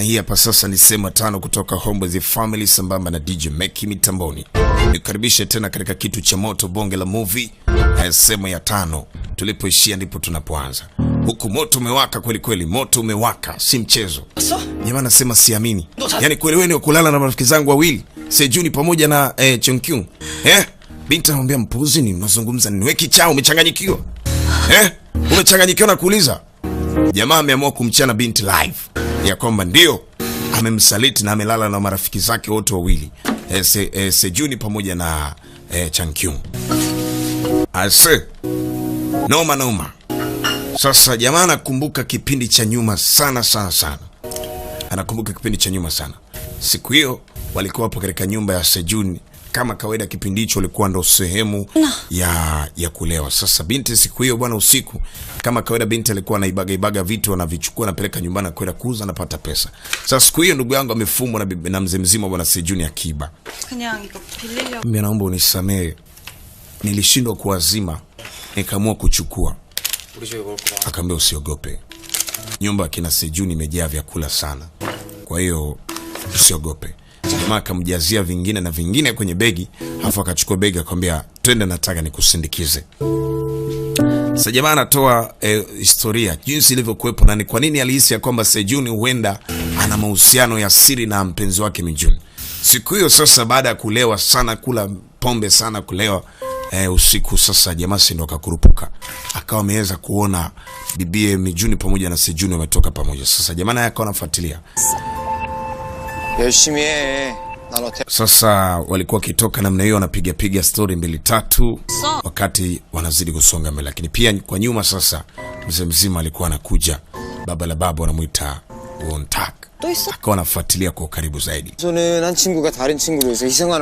Hii hapa sasa ni sehemu tano kutoka Homeboyz Family sambamba na DJ Meki mitamboni. Nikaribishe tena katika kitu cha moto bonge la movie. na eh, Sehemu ya tano, tulipoishia ndipo tunapoanza. Huku moto umewaka kweli kweli, moto umewaka, si mchezo. Jamaa nasema siamini. Yaani kweli wewe ni kulala na marafiki zangu wawili, Sejuni pamoja na eh, Chonkyun. Eh? Binti anamwambia mpuzi ni unazungumza nini? Wewe kichao umechanganyikiwa. Eh? Umechanganyikiwa na kuuliza. Jamaa ameamua kumchana binti live ya kwamba ndio amemsaliti na amelala na marafiki zake wote wawili e, se, e, Sejuni pamoja na e, eh, Chankyung. Ase ah, noma noma. Sasa jamaa anakumbuka kipindi cha nyuma sana sana sana, anakumbuka kipindi cha nyuma sana. Siku hiyo walikuwa hapo katika nyumba ya Sejuni kama kawaida kipindi hicho ulikuwa ndo sehemu no. ya ya kulewa. Sasa binti siku hiyo bwana, usiku kama kawaida, binti alikuwa anaibaga ibaga vitu anavichukua anapeleka nyumbani na kwenda kuuza anapata pesa. Sasa siku hiyo ndugu yangu amefumwa na, na mzee mzima bwana Sejuni Akiba. Mimi naomba unisamehe, nilishindwa kuwazima, nikaamua kuchukua. Akaambia usiogope, nyumba kina Sejuni imejaa vyakula sana, kwa hiyo usiogope jamaa akamjazia vingine na vingine kwenye begi, alafu akachukua begi akamwambia, twende, nataka nikusindikize. Sasa jamaa anatoa eh, historia jinsi ilivyokuwepo na ni kwa nini alihisi ya kwamba Sejuni huenda ana mahusiano ya siri na mpenzi wake Mijuni. Siku hiyo sasa, baada ya kulewa sana, kula pombe sana, kulewa eh, usiku sasa, jamaa sindo akakurupuka, akawa ameweza kuona bibie Mijuni pamoja na Sejuni wametoka pamoja. Sasa jamaa naye akawa anafuatilia 열심히 해. Sasa walikuwa wakitoka namna hiyo wanapiga piga stori mbili tatu wakati wanazidi kusonga mbele, lakini pia kwa nyuma sasa mzee mzima alikuwa anakuja, baba la baba wanamuita Wontak. Akawa anafuatilia kwa ukaribu zaidi.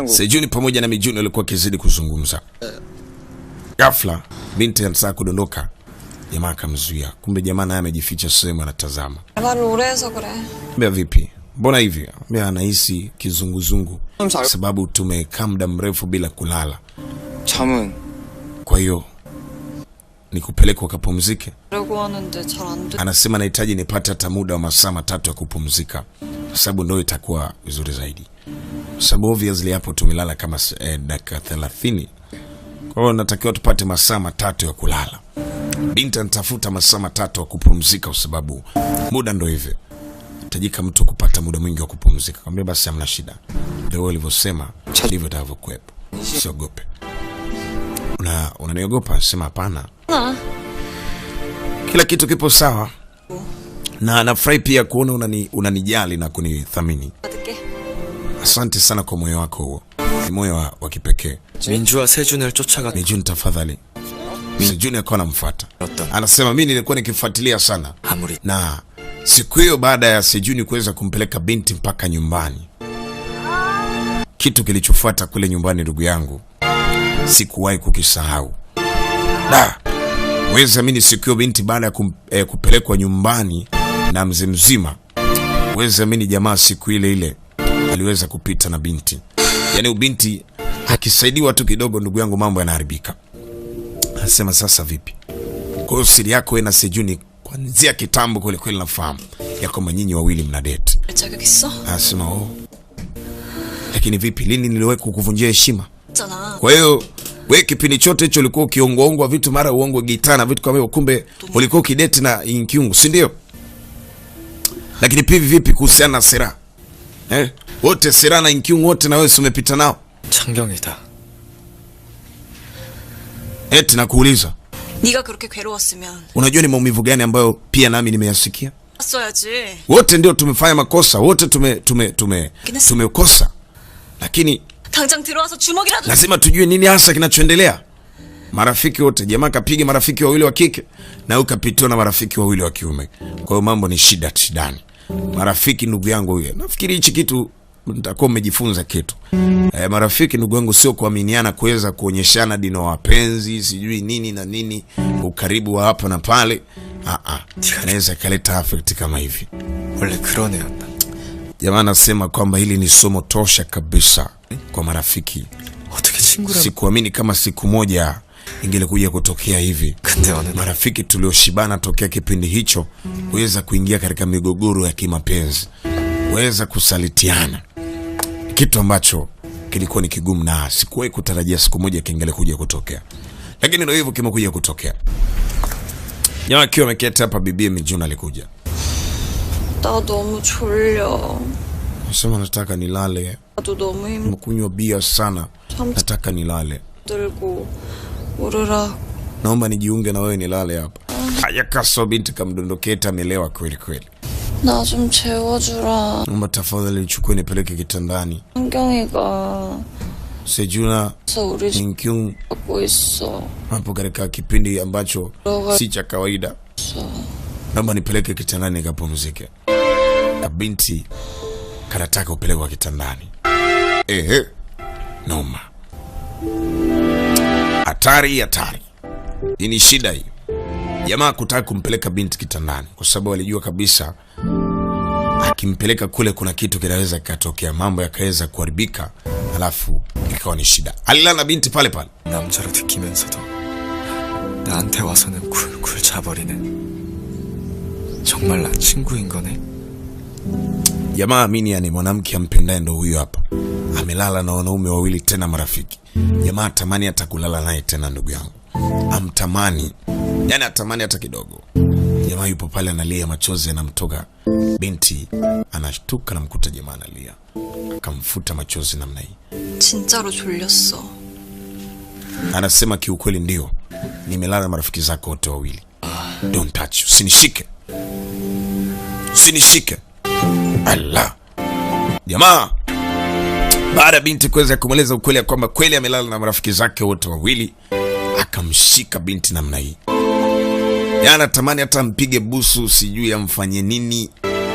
Sejuni pamoja na Mijuni walikuwa wakizidi kuzungumza. Ghafla binti anataka kudondoka, jamaa akamzuia. Kumbe jamaa naye amejificha sehemu anatazama. Mbea vipi? mbona hivi? mi Anahisi kizunguzungu sababu tumekaa muda mrefu bila kulala. Kwa hiyo ni kupeleka ukapumzike. Anasema nahitaji nipate hata muda wa masaa matatu ya kupumzika, sababu ndio itakuwa vizuri zaidi, sababu obviously hapo tumelala kama eh, dakika thelathini. Kwa natakiwa tupate masaa matatu ya kulala. Binti anatafuta masaa matatu ya kupumzika, kwa sababu muda ndo hivyo tajika mtu kupata muda mwingi wa kupumzika. Kwambia basi hamna shida, ndio ulivyosema ndivyo itakavyokuwepo, Usiogope. Una unaniogopa? Sema hapana, kila kitu kipo sawa, na nafurahi pia kuona unani, unanijali na kunithamini. Asante sana kwa moyo wako huo, ni moyo wa, wa kipekee. Minjua Sejun tafadhali, Sejun akawa anamfuata, anasema mimi nilikuwa nikifuatilia sana na Siku hiyo baada ya Sejuni kuweza kumpeleka binti mpaka nyumbani, kitu kilichofuata kule nyumbani, ndugu yangu, sikuwahi kukisahau. Da, weza amini, siku hiyo binti baada ya eh, kupelekwa nyumbani na mzee mzima, weza amini, jamaa siku ile ile aliweza kupita na binti, yaani ubinti akisaidiwa tu kidogo, ndugu yangu, mambo yanaharibika. Anasema sasa vipi? Kwa hiyo siri yako wewe na Sejuni kwanzia kitambo kule kweli, nafahamu ya kwamba nyinyi wawili mna date. Anasema ah, oh, lakini vipi, lini niliwahi kukuvunjia heshima? Kwa hiyo we kipindi chote hicho ulikuwa ukiongoongwa vitu, mara uongo gitana vitu kama hivyo, kumbe ulikuwa ukideti na Inkyungu, si ndio? Lakini pivi vipi kuhusiana na Sera eh? Wote Sera na Inkyungu wote na wewe umepita nao. Eti nakuuliza 네가 그렇게 괴로웠으면 Unajua ni maumivu gani ambayo pia nami nimeyasikia? 써야지. Wote ndio tumefanya makosa, wote tume tume tume tumekosa, lakini 당장 tiroaso 주먹이라도 lazima tujue nini hasa kinachoendelea. Marafiki wote jamaa kapiga marafiki wawili wa kike na kapitiwa na marafiki wawili wa kiume, kwa hiyo mambo ni shida shidani. Marafiki ndugu yangu huyo, nafikiri hichi kitu mtakuwa umejifunza kitu e, marafiki, ndugu yangu, sio kuaminiana, kuweza kuonyeshana dino wapenzi sijui nini na nini, ukaribu wa hapa na pale, anaweza ikaleta kama hivi. Jamaa anasema kwamba hili ni somo tosha kabisa kwa marafiki. Sikuamini kama siku moja ingelikuja kutokea hivi. Marafiki tulioshibana tokea kipindi hicho kuweza kuingia katika migogoro ya kimapenzi, kuweza kusalitiana kitu ambacho kilikuwa ni kigumu na sikuwahi kutarajia siku moja kingele kuja kutokea, lakini ndio hivyo kimekuja kutokea. Jamaa akiwa ameketi hapa, bibi Mijuna alikuja, nasema, nataka nilale, nimekunywa bia sana, nataka nilale, naomba nijiunge na wewe nilale hapa. Haya, kaso binti kamdondoketa, amelewa kweli kweli. 나좀 재워주라. 엄마 tafadhali nichukue nipeleke kitandani. 은경이가 Sejuna 우리 집 Inkyung 갖고 있어. hapo katika kipindi ambacho 들어가 si cha kawaida. 있어. naomba nipeleke kitandani nikapumzike. Na binti kanataka upelekwa kitandani. Ehe, noma, hatari hatari. Hii ni shida hii. Jamaa kutaka kumpeleka binti kitandani kwa sababu alijua kabisa akimpeleka kule kuna kitu kinaweza kikatokea, mambo yakaweza kuharibika, alafu ikawa ni shida. Alilala binti pale pale. Jamaa amini, yani mwanamke ampendae ndo huyo hapa, amelala na wanaume wawili tena marafiki. Jamaa tamani hata kulala naye tena, ndugu yangu, amtamani yani atamani hata kidogo. Jamaa yupo pale analia, machozi anamtoka. Binti anashtuka, namkuta jamaa analia, akamfuta machozi namna hii. 진짜로 졸렸어. Anasema kiukweli, ndio nimelala na marafiki zako wote wawili. Don't touch, usinishike, usinishike. Allah, jamaa baada ya binti kuweza kumweleza ukweli ya kwamba kweli amelala na marafiki zake wote wawili, akamshika binti namna hii. Yaani anatamani hata mpige busu, sijui amfanye nini,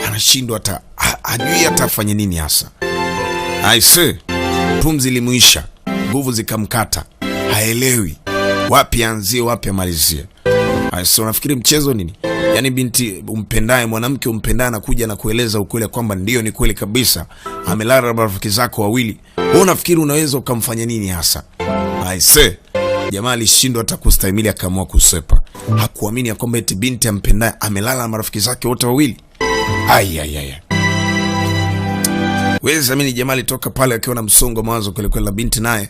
anashindwa hata ajui hata afanye nini hasa. Aise, pumzi limuisha, nguvu zikamkata, haelewi wapi aanzie, wapi amalizie. Aise, unafikiri mchezo nini? Yaani binti umpendaye, mwanamke umpendaye anakuja na kueleza ukweli kwamba ndiyo, ni kweli kabisa, amelala na marafiki zako wawili. Wewe unafikiri unaweza ukamfanya nini hasa? Aise. Jamaa alishindwa hata kustahimili, akaamua kusepa. Hakuamini ya kwamba eti binti ampendaye amelala na marafiki zake wote wawili. Ayayaya, wezi amini, jamaa alitoka pale akiwa na msongo wa mawazo kwelikweli, na binti naye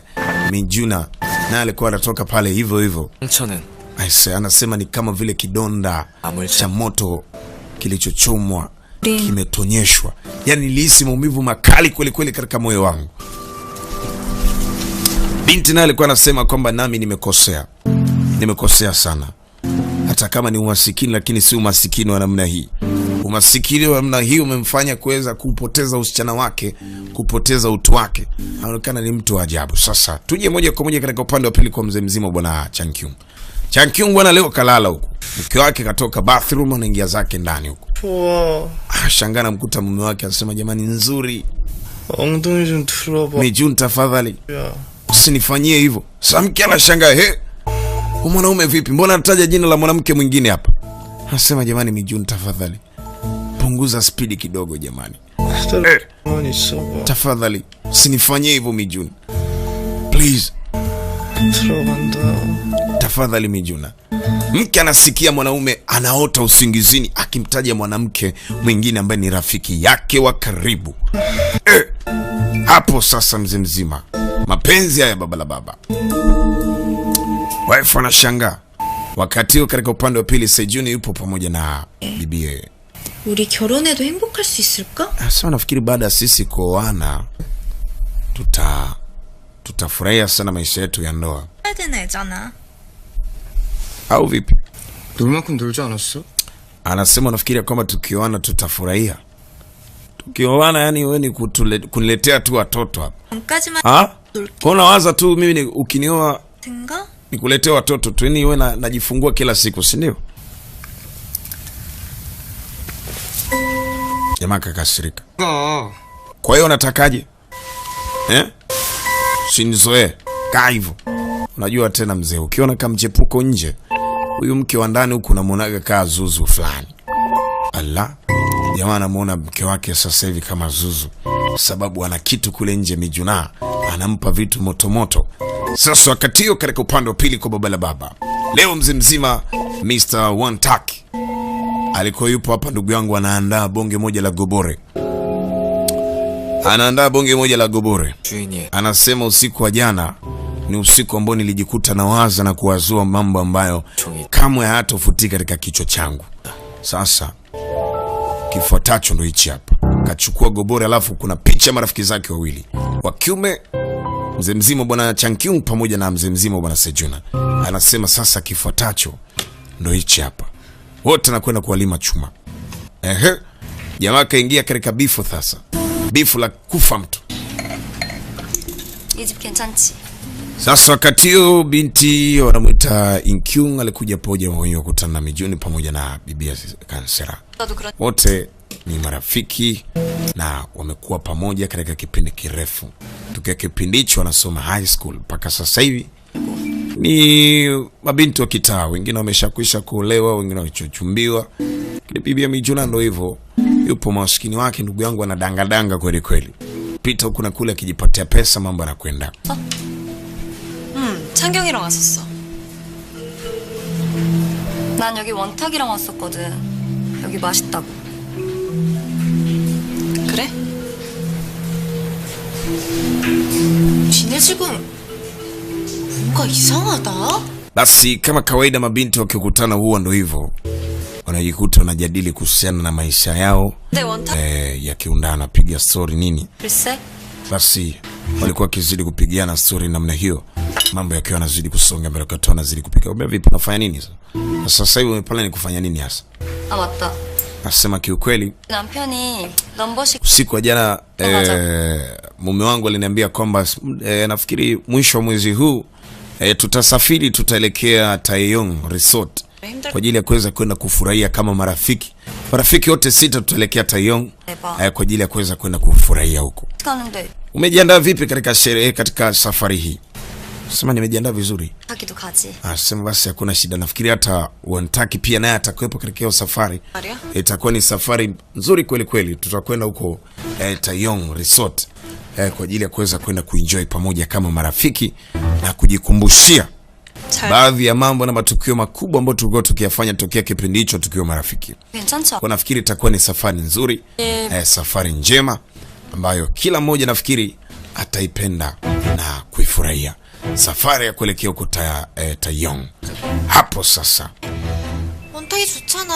Minjuna naye alikuwa anatoka pale hivyo hivyo. anasema ni kama vile kidonda cha moto kilichochomwa kimetonyeshwa. Yani nilihisi maumivu makali kwelikweli katika moyo wangu. Binti naye alikuwa anasema kwamba nami nimekosea, nimekosea sana, hata kama ni umasikini, lakini si umasikini wa namna hii. Umasikini wa namna hii umemfanya kuweza kupoteza usichana wake, kupoteza utu wake. Anaonekana ni mtu wa ajabu. Sasa tuje moja kwa moja katika upande wa pili kwa mzee mzima, bwana Chankyung. Chankyung bwana, leo kalala huku, mke wake katoka bathroom, anaingia zake ndani huku wow. Ashangaa namkuta mume wake anasema, jamani nzuri mijun, tafadhali yeah usinifanyie hivyo. samke mke anashangaa, he, mwanaume vipi? Mbona nataja jina la mwanamke mwingine hapa? Anasema jamani, Mijuni, tafadhali punguza spidi kidogo jamani, eh, tafadhali usinifanyie hivyo Mijuni, tafadhali Mijuna. Mke anasikia mwanaume anaota usingizini akimtaja mwanamke mwingine ambaye ni rafiki yake wa karibu eh hapo sasa, mzee mzima, mapenzi haya baba la baba. Wife anashangaa wakati huo, katika upande wa pili Sejuni yupo pamoja na bibie. Uri 결혼해도 행복할 수 있을까? Ah, sasa nafikiri baada ya sisi kuoana tuta tutafurahia sana maisha yetu ya ndoa. Au vipi? Anasema nafikiria kwamba tukioana tutafurahia Ukiona yani wewe ni kuniletea tu watoto hapa. Ha? Kuna waza tu mimi ni ukinioa nikuletea watoto tu. Yaani wewe na, najifungua kila siku, si ndio? Jamaa kakasirika. Kwa hiyo unatakaje? Eh? Sinizoe. Kaa hivyo. Unajua tena mzee, ukiona mchepuko nje, huyu mke wa ndani huku unamuonaga kaa zuzu fulani. Allah. Jamaa anamuona mke wake sasa hivi kama zuzu, sababu ana kitu kule nje mijunaa, anampa vitu motomoto -moto. Sasa wakati hiyo katika upande wa pili kwa baba la baba leo mzee mzima Mr. wantak alikuwa yupo hapa, ndugu yangu, anaandaa bonge moja la gobore, anaandaa bonge moja la gobore. Anasema usiku wa jana ni usiku ambao nilijikuta na waza na kuwazua mambo ambayo kamwe hayatofutika katika kichwa changu. Sasa kifuatacho ndo hichi hapa. Kachukua gobore, alafu kuna picha ya marafiki zake wawili wa kiume, mzee mzima bwana Changkyung pamoja na mzee mzima bwana Sejuna. Anasema sasa kifuatacho ndo hichi hapa, wote nakwenda kuwalima chuma. Ehe, jamaa kaingia katika bifu sasa, bifu la kufa mtu sasa wakati huo binti wanamwita Inkyung alikuja poja mwenyewe kukutana na Mijuni pamoja na bibia Kansera. Wote ni marafiki na wamekuwa pamoja katika kipindi kirefu. Tokea kipindi hicho wanasoma high school mpaka sasa hivi ni mabinti wa kitaa, wengine wameshakwisha kuolewa, wengine wamechochumbiwa. Bibia Mijuna ndo hivyo, yupo maskini wake, ndugu yangu, anadangadanga kweli kweli, pita huku na kule, akijipatia pesa mambo anakwenda 창경이랑 왔었어. 난 여기 원탁이랑 왔었거든. 여기 맛있다고. 그래? 지네 지금 뭔가 이상하다. Basi kama kawaida, mabinti wakikutana huwa ndo hivyo wanajikuta wanajadili kuhusiana na maisha yao 네, 원탁? eh, ya stori nini. 글쎄, basi walikuwa wakizidi kupigiana stori namna hiyo mambo yakiwa yanazidi kusonga mbele, kwa wakati wanazidi kupika. Wewe vipi, unafanya nini sasa? Sasa hivi umepala ni kufanya nini hasa? Ah, 맞다. Nasema kiukweli ni Lomboshi. usiku wa jana eh, mume wangu aliniambia kwamba e, nafikiri mwisho wa mwezi huu e, tutasafiri tutaelekea Taeyong Resort kwa ajili ya kuweza kwenda kufurahia kama marafiki marafiki wote sita tutaelekea Taeyong eh, kwa ajili ya kuweza kwenda kufurahia huko. Umejiandaa vipi katika sherehe, katika safari hii? sema nimejiandaa vizuri. Asema ah, basi hakuna shida, nafikiri hata Wantaki pia naye atakuwepo katika hiyo safari. Itakuwa ni safari nzuri kweli kweli, tutakwenda huko eh, Tayong Resort eh, kwa ajili ya kuweza kwenda kuenjoy pamoja kama marafiki na kujikumbushia baadhi ya mambo na matukio makubwa ambayo tulikuwa tukiyafanya tokea kipindi hicho tukiwa marafiki. Kwa nafikiri itakuwa ni safari nzuri eh. eh, safari njema ambayo kila mmoja nafikiri ataipenda na kuifurahia safari ya kuelekea huko ta, eh, Tayong. Hapo sasa wontai 좋잖아.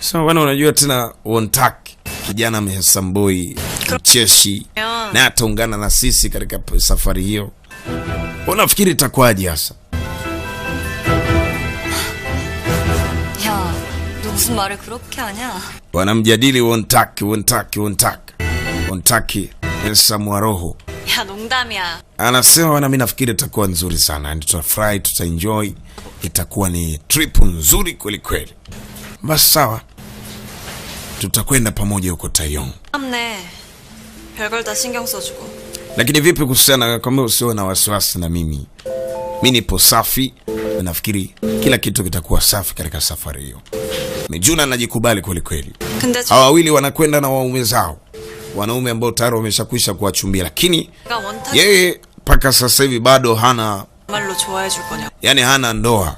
sasa bwana, unajua tena Wontak kijana mhesamboi mcheshi, naye ataungana na sisi katika safari hiyo. Unafikiri itakuwaje hasa? 야, Wanamjadili Wontak, Wontak, Wontak, ya 농담이야. Anasema wana minafikiri itakuwa nzuri sana. Yaani tutafurahi, tutaenjoy. Itakuwa ni trip nzuri kweli kweli. Basi sawa. Tutakwenda pamoja huko Tayong. Amne. 별걸 다 신경 써주고. Lakini vipi kuhusiana kama usiwe na wasiwasi na mimi? Mimi nipo safi. Nafikiri kila kitu kitakuwa safi katika safari hiyo. Mijuna anajikubali kweli kweli. Hawa wawili wanakwenda na waume zao wanaume ambao tayari wameshakwisha kuwachumbia, lakini yeye mpaka sasa hivi bado hana yani, hana ndoa,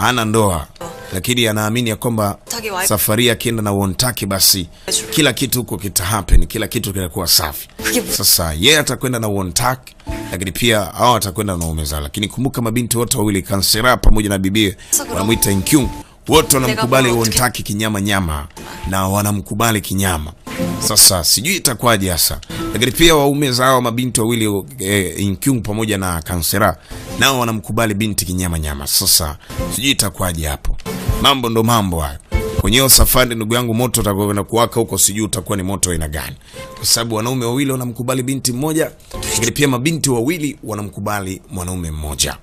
hana ndoa, lakini anaamini ya kwamba safari akienda na wontaki, basi kila kitu huko kita happen, kila kitu kinakuwa safi. Sasa yeye atakwenda na wontaki lakini pia hao atakwenda na umeza. lakini kumbuka, mabinti wote wawili Kansera pamoja na bibie wanamuita Nkyung, wote wanamkubali wontaki kinyama nyama, na wanamkubali kinyama sasa sijui itakuwaje hasa, lakini pia waume zao mabinti wawili eh, Inkyung pamoja na Kansera nao wanamkubali binti kinyama nyama. Sasa sijui itakuwaje hapo, mambo ndo mambo hayo. Kwenye safari ndugu yangu, moto utakwenda kuwaka huko, sijui utakuwa ni moto aina gani, kwa sababu wanaume wawili wanamkubali binti mmoja, lakini pia mabinti wawili wanamkubali mwanaume mmoja.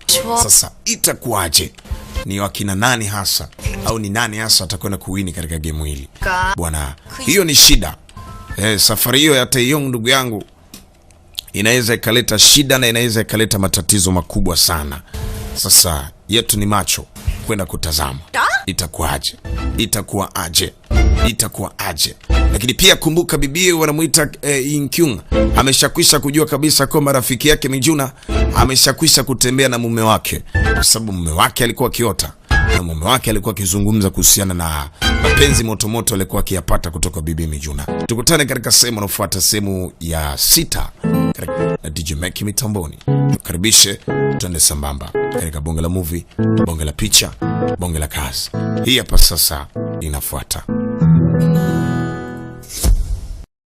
Sasa itakuwaje? Ni wakina nani hasa, au ni nani hasa atakwenda kuwini katika gemu hili bwana? Hiyo ni shida eh, safari hiyo ya Taeyong ndugu yangu inaweza ikaleta shida na inaweza ikaleta matatizo makubwa sana. Sasa yetu ni macho kwenda kutazama itakuwa aje, itakuwa aje, itakuwa aje. Lakini pia kumbuka, bibi wanamuita eh, Inkyung ameshakwisha kujua kabisa kwamba rafiki yake Mijuna ameshakwisha kutembea na mume wake, kwa sababu mume wake alikuwa kiota na mume wake alikuwa akizungumza kuhusiana na mapenzi motomoto alikuwa akiyapata kutoka Bibi Mijuna. Tukutane katika sehemu anaofuata, sehemu ya sita na DJ Mac mitamboni. Tukaribishe, tuende sambamba katika bonge la movie, bonge la picha, bonge la kazi. Hii hapa sasa inafuata.